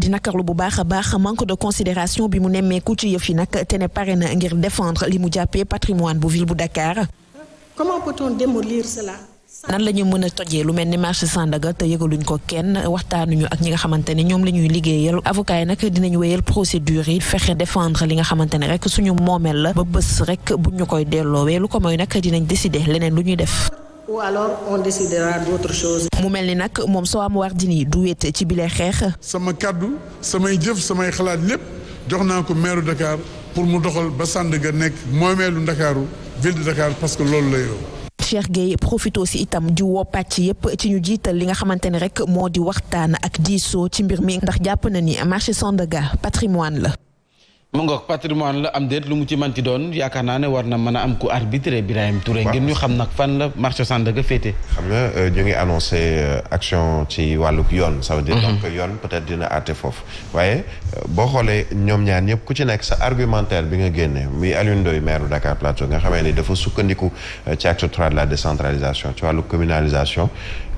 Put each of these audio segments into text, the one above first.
di lu bu baax a baax manque de considération bi mu nemmeeku ci yëf yi nag te ne pare na ngir défendre li mu jàppee patrimoine bu ville bu Dakar. comment peut-on démolir cela? nan la ñu mën a tojee lu mel ni marché Sandaga te yëgaluñ ko kenn waxtaanuñu ak ñi nga xamante ne ñoom la ñuy liggéeyal avocat yi nag dinañ wéyal procédure yi fexe défendre li nga xamante ne rek suñu moomeel la ba bés rek buñ ñu koy delloowee lu ko mooy nag dinañ décider leneen lu ñuy def. ou mu mel ni nag moom soo am Wardini du wéet ci bile xeex. sama kàddu samay jëf samay xalaat lépp jox naa ko maire Dakar pour mu doxal ba Sandaga nekk moomeelu Ndakaaru ville de Dakar parce que loolu la yow. Cheikh Gueye profite aussi itam di woo pàcc yépp ci ñu jiital li nga xamante ne rek moo di waxtaan ak diisoo ci mbir mi ndax jàpp na ni marché Sandaga patrimoine la mu ngoog patrimoine la am déet lu mu ci man manti doon yaakaar naa ne war na mën a am ku arbitré Birahim ture ngir ñu xam nag fan la marché Sandaga féete xam nga euh, ñu ngi annoncé euh, action ci wàlluk yoon ça veut dire mhm. donc yoon peut-être dina àtte foofu waaye euh, boo xoolee ñoom ñaan ñëpp ku ci nekk sa argumentaire bi nga génne muy Alioune Ndoye maire Dakar Plateau nga xamee ni dafa sukkandiku ci acte trois de la décentralisation ci wàllu communalisation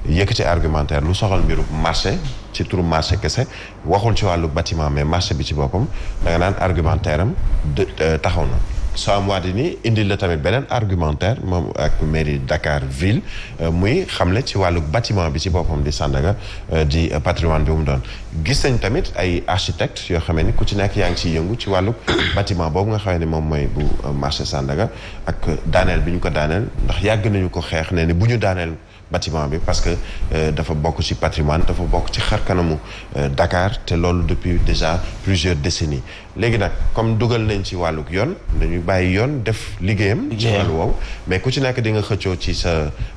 ci argumentaire lu soxal mbiru marché ci turu marché kese waxul ci wàllu batiment mais marché bi ci boppam da nga argumentaire am euh, taxaw na soo am waat ni indil la tamit beneen argumentaire moom ak mairie Dakar ville euh, muy xam xamle ci wàllu batiment bi ci boppam di Sandaga euh, di patrimoine bi mu doon gis nañ tamit ay architecte yoo xamee ni ku ci nekk yaa ngi ciy yëngu ci wàllu bâtiment boobu nga xamee ni moom mooy bu marché sàndaga ak daaneel bi ñu ko daaneel ndax yàgg nañu ko xeex ne ni bu ñu daaneel bâtiment bi parce que euh, dafa bokk ci patrimoine dafa bokk ci xar kanamu euh, Dakar te loolu depuis déjà plusieurs décennies léegi nag comme dugal nañ ci wàlluk yoon dañuy bàyyi yoon def liggéeyam ci wàllu woowu mais ku ci nekk di nga xëccoo ci sa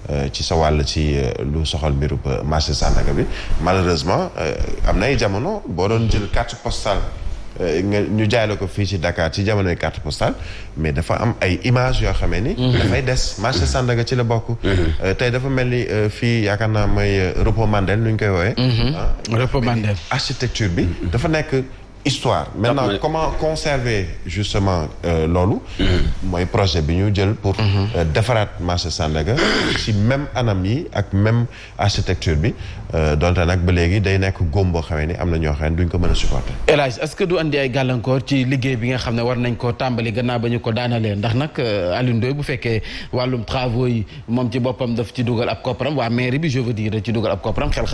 euh, ci sa wàll ci lu soxal mbirub marché Sandaga bi malheureusement am na ay jamono boo doon jël carte postal Euh, nga ñu jaay ko fii ci Dakar ci jamonoy carte postale mais dafa am ay image yoo xamee ni mhm. dafay des marché Sandaga ci la bokk mhm. euh, tey dafa mel ni euh, fii yaakaar naa mooy repos Mandel koy woowee mhm. ah, repos architecture bi dafa nekk histoire maintenant Dap comment conserver justement euh, loolu mm-hmm. mooy projet bi ñu jël pour mm-hmm. euh, defaraat marché Sandaga ci même anam yi ak même architecture bi euh, donte nag ba léegi day nekk góom boo xamee ni am na ñoo xam ne duñ ko mën a supporter El Hadj que du andi ay gàllankoor ci liggéey bi nga xam ne war nañ koo tàmbali gannaaw ba ñu ko daanale ndax nag euh, Alioune bu fekkee wàllum travaux yi moom ci boppam daf ci dugal ab kopparam waa mairie bi je veux dire ci dugal ab kopparam xel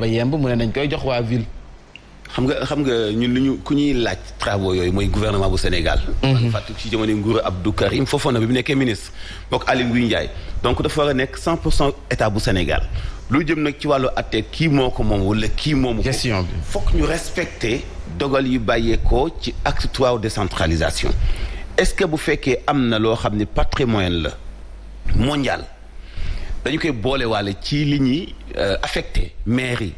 ba yemb mu nañ koy jox waa ville xam nga xam nga ñun lu ñu ku ñuy laaj travaux yooyu mooy gouvernement bu Sénégal. Mhm. man ci jamono nguuru Abdou Karim Fofana bi mu nekkee ministre bokk Aly Ngouille Ndiaye donc dafa war a nekk 100 pour état bu Sénégal lu jëm nag ci wàllu atte kii moo ko moom wala kii moomu ko. question ñu respecté dogal yi bàyyeekoo ci acte décentralisation est-ce que bu fekkee am na loo xam ne patrimoine la mondial dañu koy boolewaale ci li ñuy euh, affecté mairie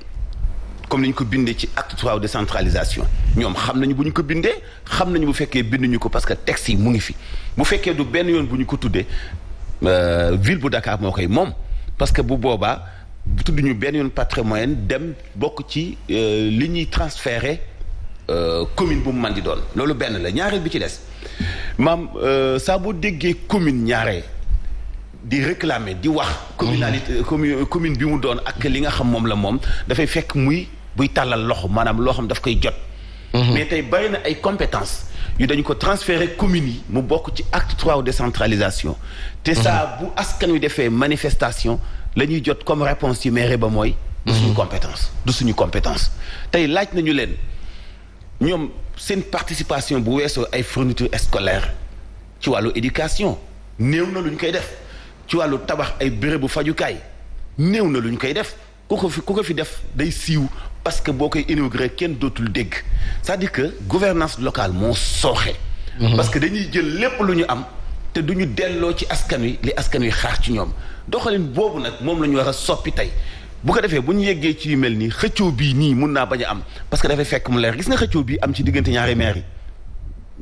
comme ni ñu ko bindee ci acte trois décentralisation ñoom xam nañu bu ñu ko bindee xam nañu bu fekkee binduñu ko parce que texte yi mu ngi fi bu fekkee du benn yoon bu ñu ko tuddee euh, ville bu Dakar moo moom parce que bu boobaa tudd benn yoon patrimoine dem bokk ci euh, li ñuy transféré euh, commune bu mu man di doon loolu benn la ñaareel bi ci des maam saa boo déggee commune ñaaree di réclamer di wax mmh. communalité commune bi mu doon ak li nga xam moom la moom dafay fekk muy buy tàllal loxo maanaam loo xam daf koy jot. Mhm. mais tey bari na ay compétences yu dañu ko transférer commune yi mu bokk ci acte trois décentralisation. te saa mhm. bu askan wi defee manifestation la ñuy jot comme réponse yi mairie ba mooy. du suñu mhm. compétence du suñu compétence. tey laaj nañu leen ñoom seen participation bu weesoo ay fourniture scolaire ci wàllu éducation néew na lu ñu koy def ci wàllu tabax ay bérébu fajukaay néew na lu ñu koy def ku ko fi ku ko fi def day siiw parce que boo koy inauguré kenn dootul dégg cest à que gouvernance locale moo sooxe. Mhm. parce que dañuy jël lépp lu ñu am te du ñu delloo ci askan wi li askan wi xaar ci ñoom doxalin boobu nag moom la ñu war a soppi tey bu ko defee bu ñu yeggee ci yu mel nii xëccoo bii nii mun naa bañ a am parce que dafay fekk mu leer gis nga xëccoo bii am ci diggante ñaari maire yi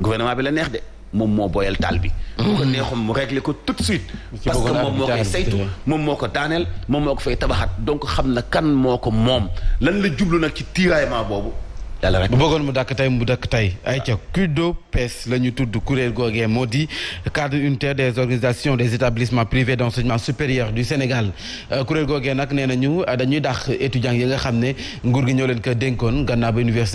gouvernement bi la neex de moom moo boyal taal bi. bu ko mhm. neexoon mu ko tout suite. parce moom moo koy moom moo ko daaneel moom moo ko fay tabaxaat donc xam na kan moo ko moom lan la jublu nag ci tiraillement boobu. yàlla rek bu bëggoon mu dakk tey mu dakk tey ayca CUDOPES la ñu tudd kuréel googee moo di cadre unitaire des organisations des établissements privés d'enseignement supérieur du Sénégal euh, kuréel googe nag nee ñu dañuy dàq étudiants yi nga xam ne nguur gi ñoo leen ko dénkoon gannaaw ba université.